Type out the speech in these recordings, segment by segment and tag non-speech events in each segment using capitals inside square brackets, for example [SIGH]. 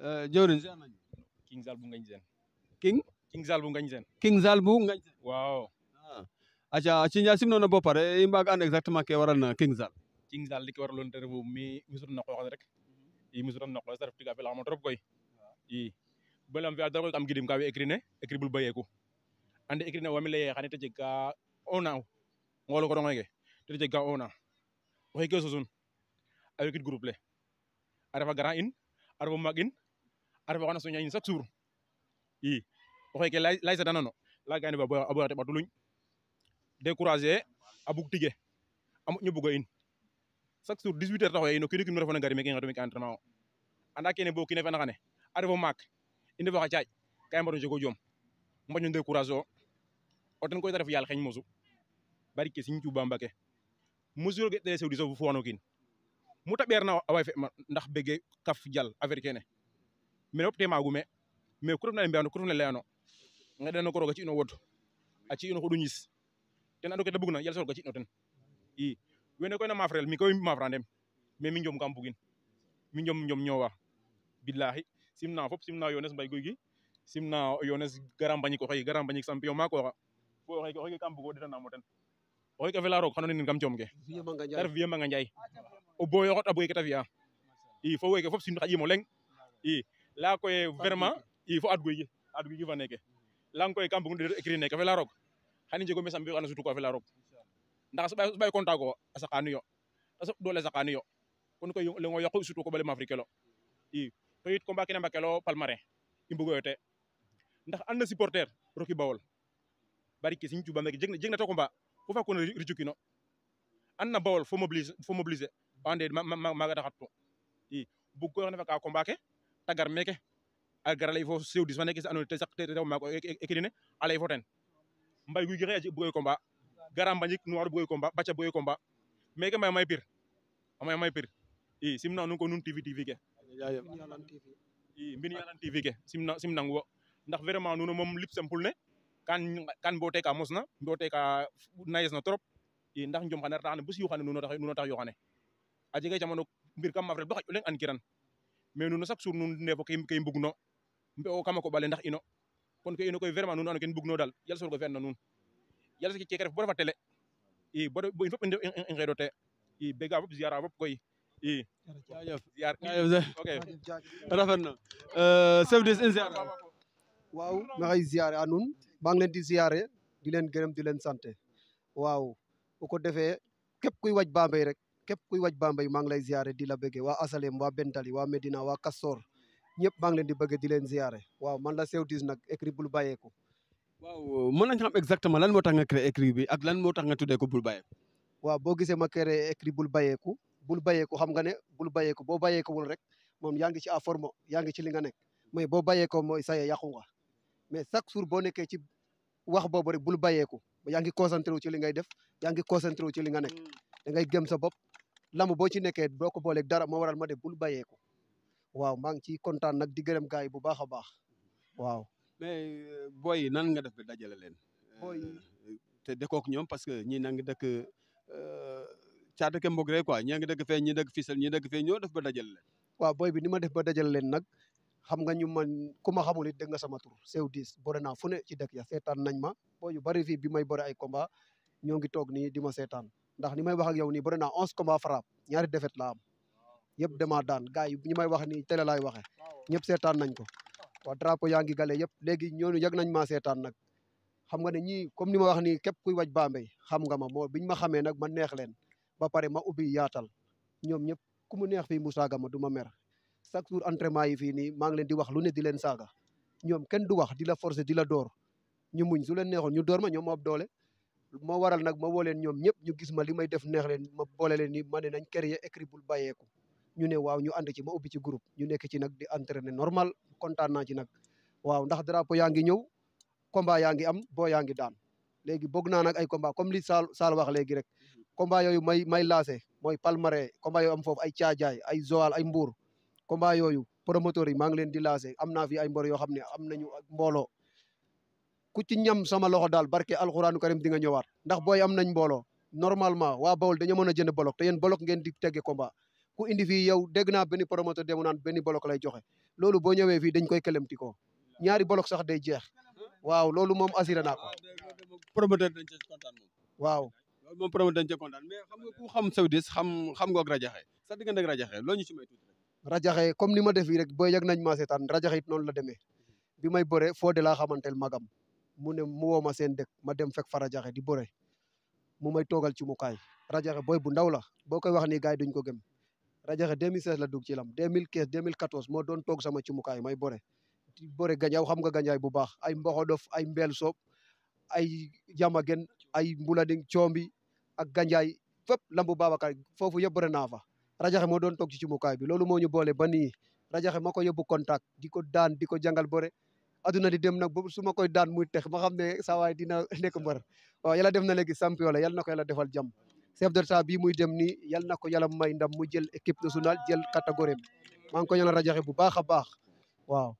Eh, jawrin king zalbu bu king king zal bu ngañ king zal bu acha ah. bo pare imba ga exactement ke waral na eh, king zal king zal li ko waralon te mi misur na ko rek i musul na ko sa tiga bela mo trop koy i belam fi adar am gidim ka wi écrit ne écrit bul bayeku ande écrit ne wami lay te kan jega ona ngolok ko ronge te jega ona waxe ke susun avec groupe le arafa grand in arafa mag in arɓe wana soña in chaque jour i oxeke laysatanano lagane ba boya te ɓatuluñ décourager a bug tige a moƴno buga in chaque jour 18 heures taxoye in o kiino kiin refona ngari meke ngatu meke entraînement o anda kene bo kiine fena xane a refo maak i e ndefa xa caaƴ ka i mbato jego joom mbaño décourager o o ten koy e te ref yaal xeñ mosu bari ke siñ cuuba mbake mosuro ge tele sewdi sofu fowano kiin mu ta ɓeerna a way fe ma ndax bege kaf jal affaire kene mbeɗa hopte ma gume mais kotofnani mbiyano leano leyano gaɗano koroga ciino woddo a ciino no ɗum ten ando ke dabugna yal sorga no ten i wene na mafrel mi koy mi mafrandem mais mi joom kam bugin mi joom joom ñowa billahi simna fop simna yones mbay guy simna yones gara mbañik oxey gara mbañik mako xa bo xey ko xey kam bugo detanamo ten oxeke a fela roog xano kam coom ke te manga njaay o boyo xot abuy kete fiya i fo weke fop sim xaƴimo leng i laya koye vraiment il faut adgoy adgoy fa neke lang koy kam bugun écrit neke fela roog xani njego mes a mbi xana o ko fela roog ndax a soɓay contact a saqanu yo a soɓ a saqanu yo kon koy lengo yaqu sutu koɓale mafrique lo i to yit combat kene mbakelo palmarin i mbugoyo te ndax and na supporter roki bawol bari ke siñ cuba meke jeg na to combat fo fa kono ricukino and na bawol fo mobiliser fo mobiliser o ande maga taxat to i bug koy xene tagar meke a gara ley fo siwdis fa neeke andoona yee ten saq te rew a lay fo ten Mbaye Gouy Gui xaye a jeg bugoy combat gara Mbagnick Noir bugoy combat Bathia bugoy combat meke Maya May Pire a May Pire i simna nuun ko nuun TV TV ke i Mbine Yalane TV ke simna simnang wo ndax vraiment nuun moom lip simple ne kan kan mboote ka mosna mboote o nayes na trop i ndax njom xane reta xane bus yuxane nuno tax nuno tax yoxane a jega jamano mbir kam maf bo xaƴ o leŋ an mais nuno chaque jour nun ndefo ke i mbugno mbe'o kama koɓale ndax ino kon ke ino koy vraiment nuun ando ke mbugno daal yal sorgo fi'an na nuun yal keke ref bo refa télé i bo in fop i ngeeɗo te i bega fop ziara fop koy i rafet na euh, chef waaw maxey ziare a nuun maa ngi leen di ziare di leen gërëm di leen sant waaw o ko defee képp kuy waaj Bambey rek képp kuy waj Bambey maa ngi lay ziare di la bëggee waa Asalem waa Bentali waa Medina waa Kastor ñëpp maa ngi leen di bëgg di leen ziare waaw man la Seydou Diis nag écrit bul bàyyeeku. waaw mën nañu xam exactement lan moo tax nga créé écrit bi ak lan moo tax nga tuddee ko bul bàyyeeku. waaw boo gisee ma créé écrit bul bàyyeeku bul bàyyeeku xam nga ne bul bàyyeeku boo bàyyeekuwul rek moom yaa ngi ci à forme yaa ngi ci li nga nekk mais boo bàyyeekoo mooy saye yàqu nga mais chaque jour boo nekkee ci wax boobu rek bul bàyyeeku yaa ngi concentré wu ci li ngay def yaa ngi wu ci li nga nekk mm. dangay ngay sa bopp lamb boo ci nekkee boo ko dara moo waral ma def bul bàyyeeku waaw maa ngi ciy kontaan nag di gërëm gars bu baax baax waaw. mais euh, booy nan nga def ba dajale leen. booy yi euh, te dëkkoog ñoom parce que ñii na nga dëkk euh, caatake mbog rek quoi ñii nga dëkk fee ñii dëkk Fissel dëkk ñoo def ba dajale leen. waaw booy bi ni def ba dajale len nak xam nga ñu man kuma xamul it dégg nga sama tur sew ci dëkk ya setan nañ ma booy yu bari fi bi may bore ay combat ñoo ngi toog di ma ndax ni may wax ak yow nii bëri naa onze combats frappe ñaar défaite la am yëpp dama daan gars yi ñi may wax ni télé laay waxee ñëpp seetaan nañ ko waa drapeau yaa ngi gale yëpp léegi ñoonu yëg nañ maa seetaan nag xam nga ne ñii comme ni ma wax nii képp kuy waj Bambey xam ga ma moo biñ ma xamee nag ma neex leen ba pare ma ubbi yaatal ñoom ñëpp ku mu neex fii mu saaga ma du ma mer chaque jour entraînement yi fii nii maa ngi leen di wax lu ne di leen saaga ñoom kenn du wax di la forcer di la door ñu muñ su leen neexoon ñu door ma ñoom ma doole moo waral nag ma woo leen ñoom ñëpp ñu gis ma li may def neex leen ma boole leen ni ma ne nañ créer écrit bul bàyyeeku ñu ne waaw ñu ànd ci ma ubbi ci groupe ñu nekk ci nag di entraîner normal kontaan naa ci nag waaw ndax drapeau yaa ngi ñëw combat yaa ngi am boo yaa ngi daan léegi bëgg naa nag ay combat comme li Saal Saal wax léegi rek mhm. combat yooyu may may lancé mooy palmarin combat yooyu am foofu ay caajaay ay Joal ay Mbour komba yooyu promoteur yi maa ngi leen di lancé am naa fi ay mbor yoo xam ne am nañu mbooloo ku ci ñam sama loxo dal, barke alquranu karim di nga ñëwaat ndax boy am nañ mbolo normalement wa bawol dañu mëna jënd bolok te yeen bolok ngeen di téggé combat ku indi fi yow dégg na benn promoteur demu naan benn bolok lay joxe lolu bo ñëwé fi dañ koy këlemti ko ñaari bolok sax day jeex waaw lolu mom assuré naa ko promoteur dañ ci contane moom waaw loolu moom promoteur dañ ci contane mais xam nga ku xam saoudis xam xam nga rajaxé sa digënd ak rajaxé loo ñu ci may tuuti rajaxé comme ni ma def fii rek boy yëg nañ ma sétane rajaxé it la démé bi may boré de xamantel magam mu ne mu woo ma seen dëkk ma dem fekk Fara Jaxe di bëre mu may toogal ci mukaay Rajaxe booy bu ndaw la boo koy wax nii gars yi duñ ko gëm Rajaxe 2016 la dugg ci lam 2015 2014 moo doon toog sama ci mukaay may bëre di bëre gañaaw xam nga gañaay bu baax ay mboxodof ay mbeel soob ay jamagen ay mbulading coombi ak ganjaay fépp lambu Babacar foofu yëpp bëre naa fa Rajaxe moo doon toog ci bi loolu moo ñu boole ba nii Rajaxe ma ko bu contact di ko daan di ko jàngal bëre adduna di dem nag boobu su ma koy daan muy tex ma xam ne saa waay dina [LAUGHS] nekk mbër waaw yàlla def na léegi champion la na koy yàlla defal jam chef de l'État bii muy dem ni yàlla na ko yàlla may ndam mu jël équipe nationale jël catégorie maa ngi ko ñaanal rajaxe bu baax a baax waaw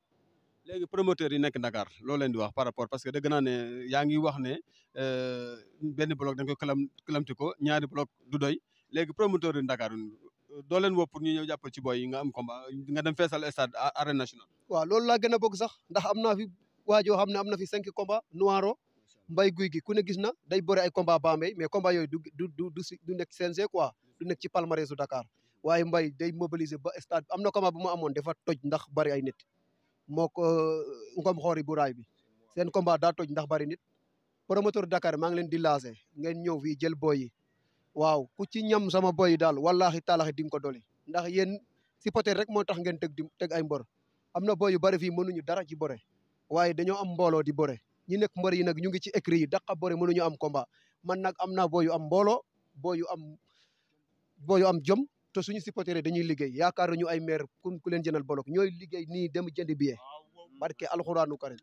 léegi promoteur yi nekk Dakar loolu leen di wax par rapport parce que dëgg naane yaa ngi wax ne euh, benn bloc dañ ko kalam kalamti ko ñaari bloc du doy léegi promoteur yi Dakar doo leen woo pour ñu ñëw jàppal ci boy yi nga am combat nga dem laa gën a bëgg sax ndax am naa fi waa joo xam ne am na fi cinq combat noiro mbay guy gi ku ne gis na day bëri ay combat Bambey mais combat yooyu du du du du nekk CNG quoi du nekk ci palmarèsu Dakar waaye mbay day mobiliser ba stade am na combat bu ma amoon dafa toj ndax bari ay nit moo ko euh, ngom xoori bu raay bi seen combat daa toj ndax bëri nit promoteur Dakar maa ngi leen di lancé ngeen ñëw fii jël boy yi waaw ku ci ñam sama boy dal wallahi taalaxi dim ko doli ndax yéen poter rek mo tax ngeen tegg di tegg ay mbor amna boy yu bari mënu ñu dara ci bore waye dañoo am mbolo di bore ñi nek mbor yi nak ñu ngi ci écrit yi daqa mënu ñu am combat man nak amna boy yu am mbolo boy yu am boy yu am jom te suñu supporter dañuy liggéey yaakaaru ñu ay maire ku leen jënal bolok ñoy liggéey ni dem jënd billet barke alcorane karim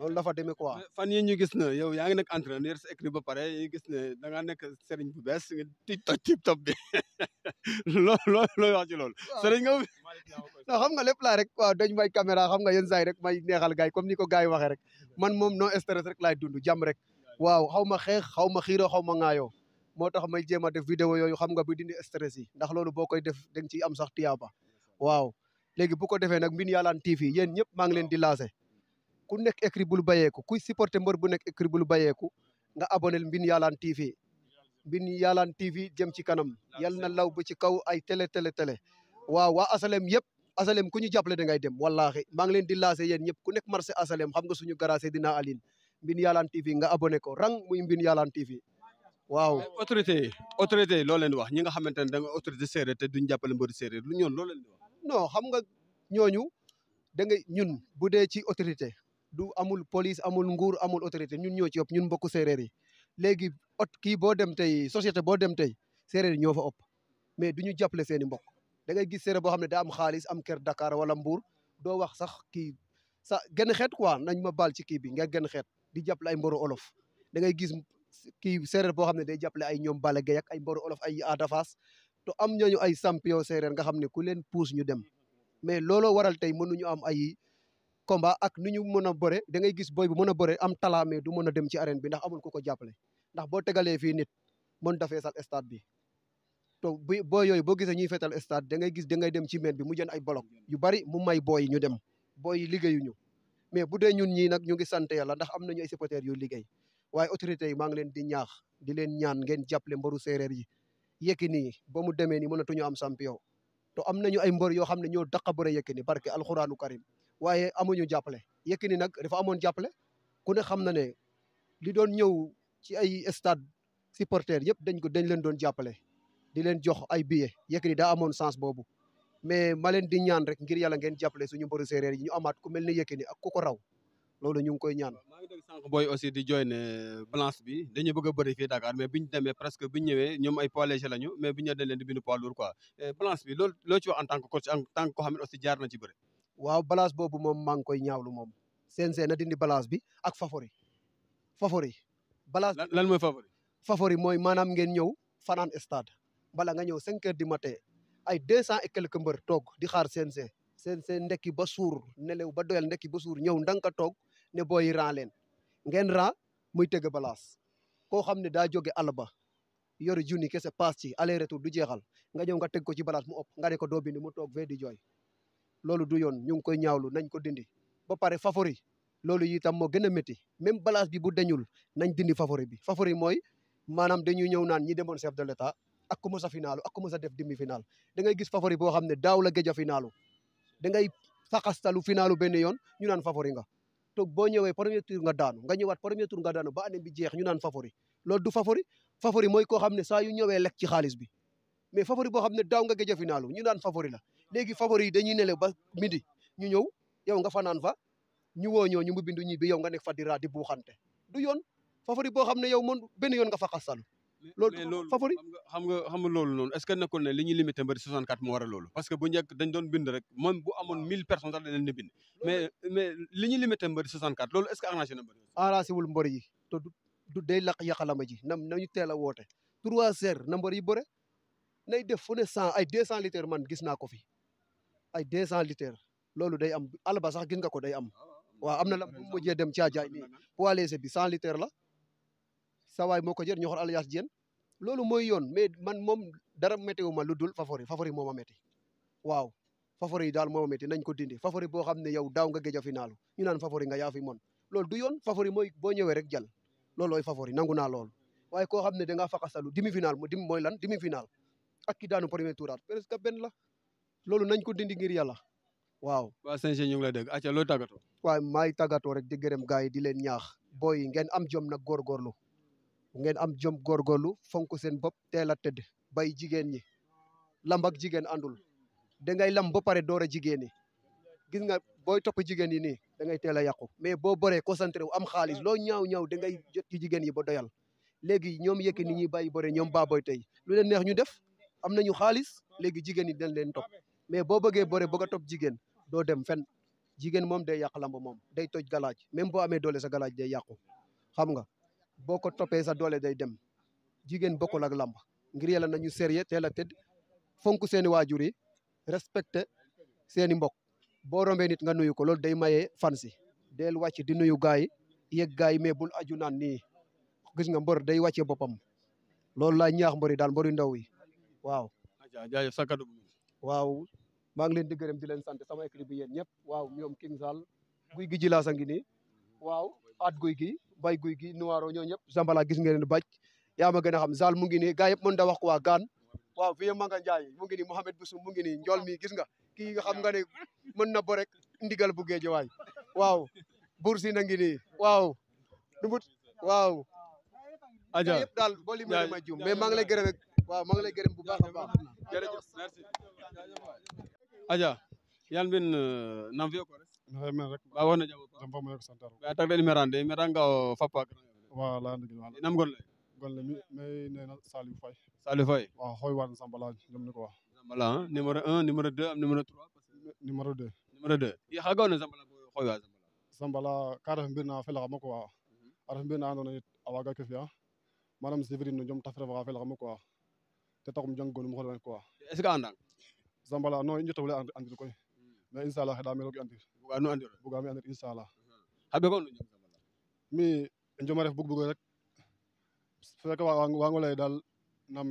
lool dafa demee quoi. fan yi ñu gis na yow yaa ngi nekk entraîneur sa écrit ba pare ñu gis ne da ngaa nekk bu bees nga tip top tip top bi loolu [LAUGHS] loolu looy wax ci loolu. sëriñ nga non xam nga lépp laa rek waaw dañ may caméra xam nga yenn saa rek may neexal gars comme ni ko gars yi waxee rek man mom non stress rek laay dund jàmm rek. waaw xaw ma xeex xaw ma xiiroo xaw ma ŋaayoo moo tax may jéem a def vidéo yooyu xam nga bi dindi stress yi ndax loolu boo koy def da nga ciy am sax tiyaaba waaw léegi bu ko defee nag Mbine Yalane TV yen ñëpp maa ngi leen di lancé ku nek écrit bul bayeeku kuy supporter mbor bu nek écrit bul nga abonel mbin yalan TV Mbine yalan TV jëm ci kanam yal na law bu ci kaw ay télé télé télé wa wa asalem yep asalem ku ñu da ngay dem wallahi ma ngi leen di laase yeen ñëpp ku nek marché asalem xam nga suñu garage dina Aline mbin yalan TV nga abonné ko rang muy mbin yalan TV wow, autorité autorité yi loo leen wax ñi nga xamante da nga autorité séeréer te duñ nyun, mbëri séeréer lu ñoon di wax non xam nga autorité du amul police amul nguur amul autorité ñun ñoo ci ëpp ñun mbokku séeréer yi léegi ot kii boo dem tey société boo dem tey séeréer yi ñoo fa ëpp mais du ñu jàppale seen i mbokk dangay ngay gis séeréer boo xam ne daa am xaalis am kër Dakar wala Mbour doo wax sax kii sa genn xeet quoi nañ ma baal ci kii bi nga genn xeet di jàppale ay mboru olof da ngay gis kii séeréer boo xam ne day jàppale ay ñoom Balla Gaye ak ay mboru olof ay aadafaas to am ñooñu ay champion séeréer nga xam ne ku leen puus ñu dem mais looloo waral tey mënuñu am ay combat ak ni ñu mën a bore da ngay gis booy bi mën a bëre am talent du mën a dem ci arène bi ndax amul ku ko jàppale ndax boo tegalee fii nit mën dafee sal stade bi to bu booy yooyu boo gisee ñuy fetal stade da ngay gis da ngay dem ci meen bi mu jën ay bolok yu bari mu may booy ñu dem booy yi liggéeyuñu mais bu dee ñun ñii nag ñu ngi sant yàlla ndax am nañu ay supporters yu liggéey waaye autorités yi maa ngi leen di ñaax di leen ñaan ngeen jàppale mbaru séeréer yi Yékini ba mu demee ni mënatuñu am champion to am na ñu ay mbër yoo xam ne ñoo daq a bëre Yékini barke alxuraanu karim waaye amuñu jàppale Yékini nag dafa amoon jàppale ku ne xam na ne li doon ñëw ci ay stade supporters yëpp dañ ko dañ leen doon jàppale di leen jox ay billets Yékini daa amoon sens boobu mais ma di ñaan rek ngir yàlla ngeen jàppale suñu mboru séeréer ñu amaat ku mel ni Yékini ak ko raw loolu ñu koy ñaan. maa ngi dégg sànq aussi di jooy ne balance bi dañu bëgg a bëri fii Dakar mais biñu demee presque biñu ñëwee ñoom ay poids leen di bind poids lourd balance bi loolu ci wax en tant que coach jaar na ci waaw balance boobu moom maa ngi koy ñaawlu moom CNG na dindi balance bi ak favori favori balance lan mooy favori favori mooy maanaam ngeen ñëw fanaan stade bala nga ñëw cinq heures du matin ay deux cent et toog di xaar CNG CNG ndekki ba suur nelew ba doyal ndekki ba suur ñëw ndanka toog ne booy ran leen ngeen ran muy tege balance koo xam ne daa jóge àll ba yoru junni kese paas ci aller retour du jeexal nga ñëw nga teg ko ci balance mu ëpp nga ne ko doo bind mu toog fee di jooy loolu du yoon ñu ngi koy ñaawlu nañ ko dindi ba pare fafori loolu itam moo gën a métti même balance bi bu dañul nañ dindi fafori bi favori mooy maanaam dañuy ñëw naan ñi demoon chef de l'état ak ku mës ku mës a def demi final gis favori boo xam ne daaw la géej a finaalu da ngay saxastalu finaalu benn yoon ñu naan favori nga toog boo ñëwee premier tour nga nga ñëwaat premier tour nga daanu ba année bi ñu naan favori loolu du favori favori koo xam ne saa yu ñëwee lekk ci xaalis bi mais favori boo xam ne daaw nga géej a finaalu ñu naan favori la léegi favori yi dañuy nele ba midi ñu ñëw yow nga fanaan fa ñu woo ñoo ñu mu bindu ñi bi yow nga nekk fa di raa di buuxante du yoon favori boo xam ne yow moom benn yoon nga fa lool loolu favori xam nga xam nga loolu noonu est-ce que nekkul ne li ñuy limité mbëri 64 moo war a loolu parce que bu njëkk dañ doon bind rek moom bu amoon 1000 personnes sax dañ leen di bind mais mais li ñuy limité mbëri 64 loolu est-ce que arrangé na mbër arrangé wul teel a woote trois heures na def fu ne cent ay deux man gis naa ko fi ay deux cent litres loolu day am alba sax gis nga ko day am ah, waaw am na lam bu mujjee dem caajaay nii poids léger bi cent la sawaay moo ko jër ñoxor alias Diène loolu mooy yoon mais man moom dara météo ma lu dul favori favori moo ma métti waaw favori daal moo a métti nañ ko dindi favori boo xam ne yow daaw nga géej a finaalu ñu naan favori nga yaa fi mon loolu du yoon favori mooy boo ñëwee rek jàll loolooy favori nangu naa lool waaye koo xam ne da ngaa faqasalu demi final mooy lan demi final ak ki daanu premier tour presque benn la loolu nañ ko dindi ngir yàlla waaw. waa CNG ñu ngi dégg acca looy tàggatoo. waaw maay tàggatoo rek di gërëm gars yi di leen ñaax. booy ngeen am jom nag góorgóorlu ngeen am jom góorgóorlu fonk seen bopp teel a tëdd. bay jigéen ñi lamb ak jigéen àndul da ngay lamb ba pare door a jigéen ñi gis nga booy topp jigéen yi nii da ngay teel a yàqu. mais boo boree concentré wu am xaalis loo ñaaw ñaaw da ngay jot ci ba doyal léegi ñoom yëkk ni ñuy bàyyi bore ñoom ba baaboy tey lu leen neex ñu def am nañu xaalis léegi jigéen ñi dañ leen topp. mais boo bëggee bëre bëgg a topp jigéen doo dem fen jigéen moom day yàq lamb moom day toj galaaj même boo amee doole sa galaaj day yàqu xam nga boo ko topee sa doole day dem jigéen bokkul ak lamba ngir yàlla nañu sérieux teel a tëdd fonk seeni waajur yi respecté seeni mbok boo rombee nit nga nuyu ko loolu day mayee fan si del wàcc di nuyu gaay yi yegg gaay yi mais bul aju naan nii gis nga mbor day wàcce boppam loolu laa ñaax mbër yi daal mbër yu ndaw yi waaw maa ngi leen di gërëm di leen sant sama équipe bi yéen ñëpp waaw ñoom King Sall guy gi jilaas a ngi nii waaw at guy gi bay guy gi noiro ñoo ñëpp Zambala gis ngeen baj yaa ma gën a xam Sall mu ngi nii gaa yëpp mën da wax ko waa gaan waaw vie Manga Ndiaye mu ngi nii Mohamed Boussoum mu ngi nii njool mi gis nga kii nga xam nga ne mën na bo rek ndigal bu waay waaw buur si na ngi nii waaw dumut waaw aja yëpp daal boo ma juum lay gërëm rek lay gërëm bu a baax aja yan bin nan fiyo kores men rek ba wona jabo dam fama yok santar ba tagde ni merande meranga o fappa wala ndigi wala nam golle golle mi may neena Saliou Faye Saliou Faye waaw xoy waan sambala ñom ni ko wax sambala numéro 1 numéro 2 am numéro 3 numéro 2 numéro 2 ya xagaw na sambala ko xoy waa sambala sambala ka def mbir na felaxa mako waa a ref mbir na andona yit a waga ke fiya manam Séverine no jom tafrefa xa felaxa mako waa te taxum jang gonum xol wan quoi est ce que andang Zambala no i njotowle andir koy mais inchallah xeɗame roog i andir buga nu andir bugaam xa ɓekon no jam mi jom a ref bug bugo rek feke waango lay daal nam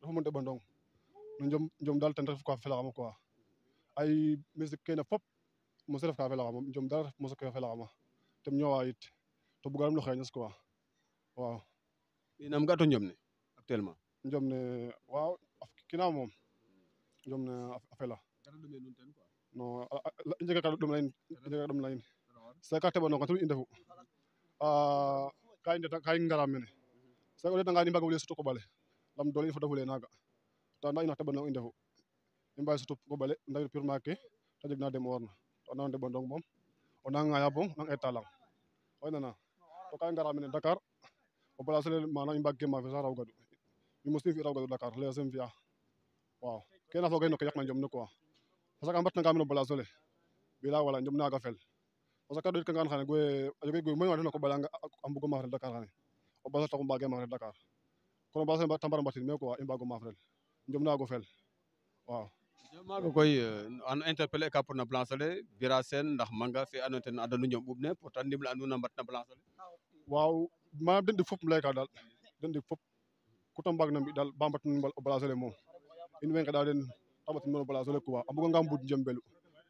refu mo ndeɓandong no jom jom daal ten refu ka felaxama quoi ay musique kene fop mos ref ka felaxama jom daal ref mos ka felaxama tem ñoowa yit to bugaanum no xeñes quoi waaw i nam ga to njom actuellement njom ne waaw af jomna eh, afela no njega ka dum lain njega dum lain sa ka tebo no ko tulu indefu ah kay ndeta kay ngara mene sa ko ndanga ni mbago wule sutu ko bale lam dole ifo dafule naga ta nda ina tebo no indefu imba sutu ko bale ndawi pur make ta jegna dem worna to non de bon donc mom on nga ya bon oh, nang etalang o oh, nana to kay ngara mene dakar o bala sele mana imbagge ma fe sa raw gadu mi musti fi raw gadu dakar le sem fiya waaw kene foge no ke yaqna njom ne quoi parce que a mbatnangaam no bala sole bila wala njom naaga fel a ɗoyitkangaan xane a a Dakar xane o basa taxu mbaage maafrel Dakar kon o basa ta mbar mbatin me quoi i mbaago maafrel njom naago fel waaw maaga eh, interpeller ka pour na plan sole Bira Sene ndax manga fe andoona ten andanu njom ɓuuɓ pour ta ndimle a nuun a mbatna plan den ɗik fop um layka daal mbi' daal ba mbatnin o bala sole in wen kada den tambati mino bala zole kuba ambugo ngambu jembelu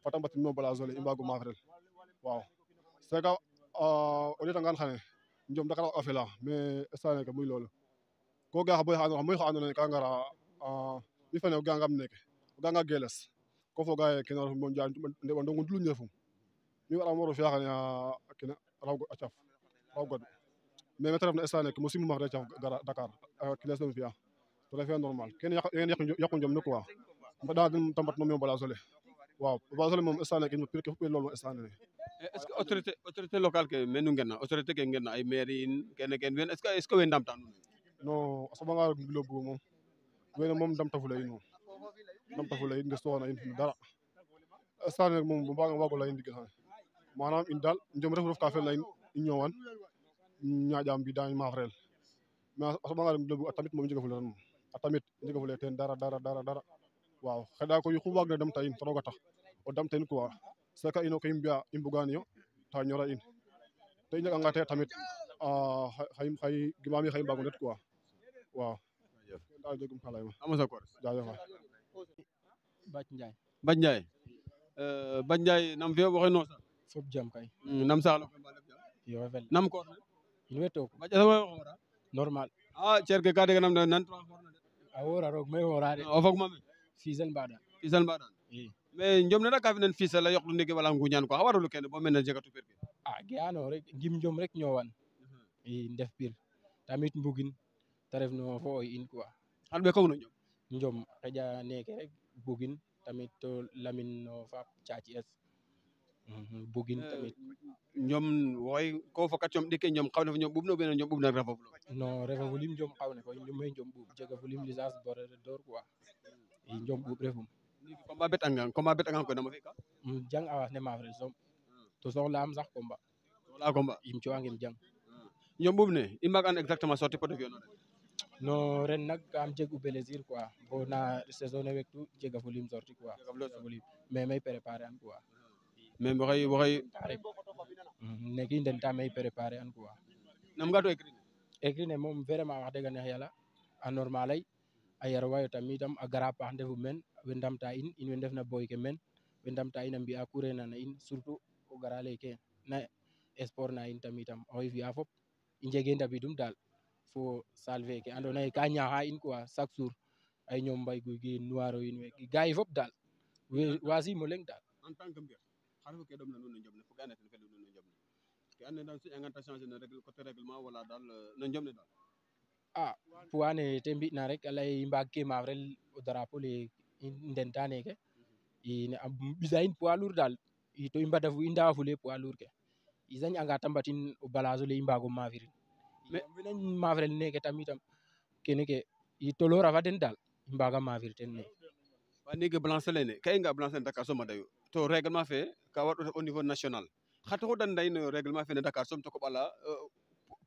fa tambati mino bala zole imbago mavrel waaw sega uh, ah, o leta ngan xane njom dakara ofela mais sane ke muy lolu ko ga boy xano muy xano ka ngara uh, mi fene ga ngam neke ga nga geles ko fo ga ke no mo jaan de wondo ngul ñefum mi wara mo fiya xane kina raw go acaf raw go mais metraf na sane ke musim ma re acaf gara dakar ah, kilas dum tout à fait normal kenn yàq kenn yàqu njom ni quoi mbaɗa den tambat no mi mbaɗa sole waaw mbaɗa sole moom instant ke pir ke lool moom instant nene eh, est ce que autorité autorité locale ke menu ngenna autorité ke ngenna ay maire in kene ken wen est ce que est ce que we ndamta nuun non a soɓanga ngilo bugo moom wene moom ndamta fula in moom ndamta fula in ngestoxana in dara instant nene moom mbaga waago leyin ndigil xane manaam in daal njom ref ka felna in i ñoowan ñaaƴa mbiida maafrel mais a soɓanga ngilo bugo a tamit moom jega fula a tamit i njegoofulee teen dara dara dara waaw xeɗa koy oxu waagna damta in roog a tax o damta in quoi c'est que ino ke i mbi'aa i mbugaanyo ta ñora in te i njeganga te tamit a xay gimaam xay mbaag o ndet quoi waaw daal jegum ka layma a mosa koor jaajëfa Bac Ndiaye Bac Ndiaye euh, Bac fop jam kay hmm, nam saaxlo yo fel nam koor ne in way took Bac Normal. Ah, cer ka de nam nan a wora roog moƴu woraade o fog mami fisel mbaɗa fisel mbaɗan eh. mais jom nene ka finen fisel a yoqlu ndiki wala nguñan ko xa waralu kene bo mene jegatu pir ke a ah, ge'ano rek ngim jom rek ñoowan i mhm. eh, ndef pir tamit mbugin te ref no fo oy in quoi xan ɓekong no jom jom xeƴa neke rek bugin tamit to lamin no faap caci es Mm-hmm. bugin euh, tamit ñoom woy convocation ɗike ñoom xawne fo ñoom ɓuɓno ɓeno ñoom ɓuɓnan refo fulo non fulim joom xawne ko ñume joom ɓuuɓ jega fulim licence borere dor quoi i joom ɓuuɓ refum combat bet bet angan koy nama fika ah. mm, jang awas ne mafre soom to soxlaam sax combat soxla combat yim jang ñoom ɓuuɓ ne i mbaag an exactement sorti pot fiyo no ren nag am jegu plaisir quoi bo na saison ne wektu jega fulim sorti quoi mais may préparer am quoi మేము ఒక ఒక nekk ñu den temps may an quoi nam nga to écrit écrit ne moom vraiment wax dëgg neex yàlla a normal ay a yar wayo tam a gara paax ndefu meen we ndamta in in we ndefna boy ke meen we ndamta in a mbi'a couré na na in surtout o gara leyke na sport na in tamitam itam oxey fi'a fop i njege ndabidum daal fo salle feke andoona yee ka ñaxa in quoi chaque jour ay ñoom mbay guy gi noiro in we gaay fop daal waasimo leŋ daal xar fo ke ɗomna nuun no jom ne fo ga ando naye ten ne ke ando naye daal suƴangan changer no règle coté règlement wala daal no jom ne daal a ah, puwane te mbi'na rek a lay i mbaag ke maaf o drapeau le i ndenta neke i a ɓisa in poids lourd daal i to i mbada i ndawa fule poids lourd ke i sañ'anga ta mbatin o balage ole i mbaago maafirin mais wena maafrel neke tamitam kene ke i tolora fa den daal i mbaaga maafir ten ne wa nege blanche lene ka i nga blanche lene ta dayo to réglement fe ka waɗo au niveau national xa taxu da no réglement fe ne dakar soom to koɓala euh,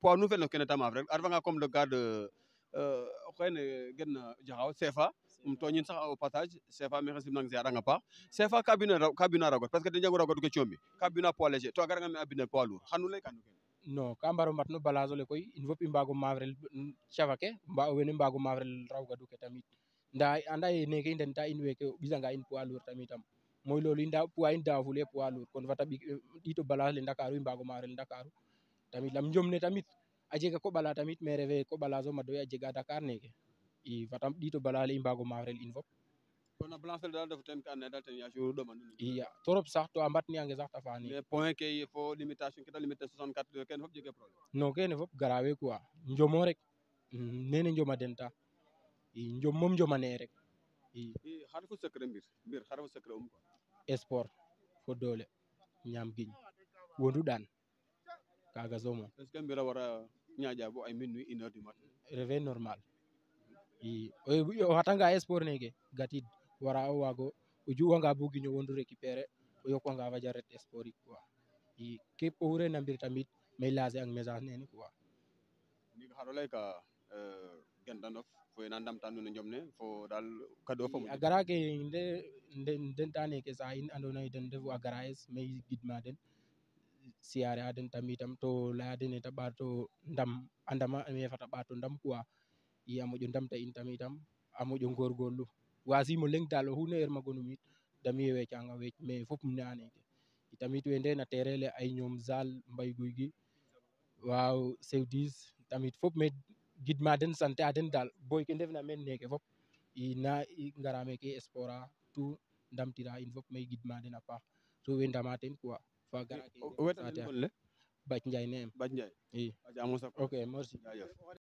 poids nu no kene ta maaf rek a refanga comme le cas euh, o xene gen jaxaw cefa um toñin sax au passage cefa maxey simnang siarang a paax cefa ka bina ka bina ragot parce que de jangu ragot ke coomi ka bina poids léger to a garanga me a bina poids lourd xanu ley kanu kene non ka mbaro mbat no balage ole koy in fop i mbaago maafrel cafa ke mba wene mbago maafrel rawgadu ke tamit nda anda ye neke i ndenta in weke o ɓisanga in poids lourd tamitam moylo linda poids in dafule poids lourd kon fata ɗito balance le dakaru mbago mare le dakaru tamit lam jomne tamit aje ko bala tamit mais ko bala zo madoya a ga dakar neke i fatam ɗito balale i mbago mare in fop kona balance le dal refu teen ka andoona yee dal ten yaacu ɗomanun iya torop sax to ambat ni ange sax ta fani le point ke il faut limitation ke ta limité 64 kene fop jege problème non kene fop garawe quoi njomo rek mm, nene njoma den ta i njom moom ne rek i xar fu secret mbir mbir xar fu secret um ko sport fo doole ñam giñ wondu dan kaga zomo mon est ce mbira wara ñaƴa bo ay minuit une heure du matin réveil normal i o hatanga sport nege gatid wara o wago o juwanga bu giñu wondu récupéré o yokwanga faja ret sport ik quoi i ke powre nambir tamit may lase ak message nene quoi ndiga xaro lay ka uh, euh gendandof fo ena ndamtanuno jom ne fo dal kado fo a gara ke den ta neke sax in refu a gara es me gidma den siyaare a den tamitam to laya den ee ta ndam a ndama me fata ɓaato ndam quoi i a moƴo ndamta in tamitam a moƴo ngoorgoorlu waasiim o leŋ daal oxu na yermagonum it damiye weecanga weec mais fop um ne'a neeke itamit we ndeena terrain le ay ñoom Zal Mbaye Gouy Gui waaw Seydou Diz tamit fop gidmaden sante aden dal boy ke ndefna meen neke fop ina i ngara meke espora tout ndamtira in fop may gidma den a paax to we ndama ten quoi fa gara ke bac Ndiaye ne'em ok merci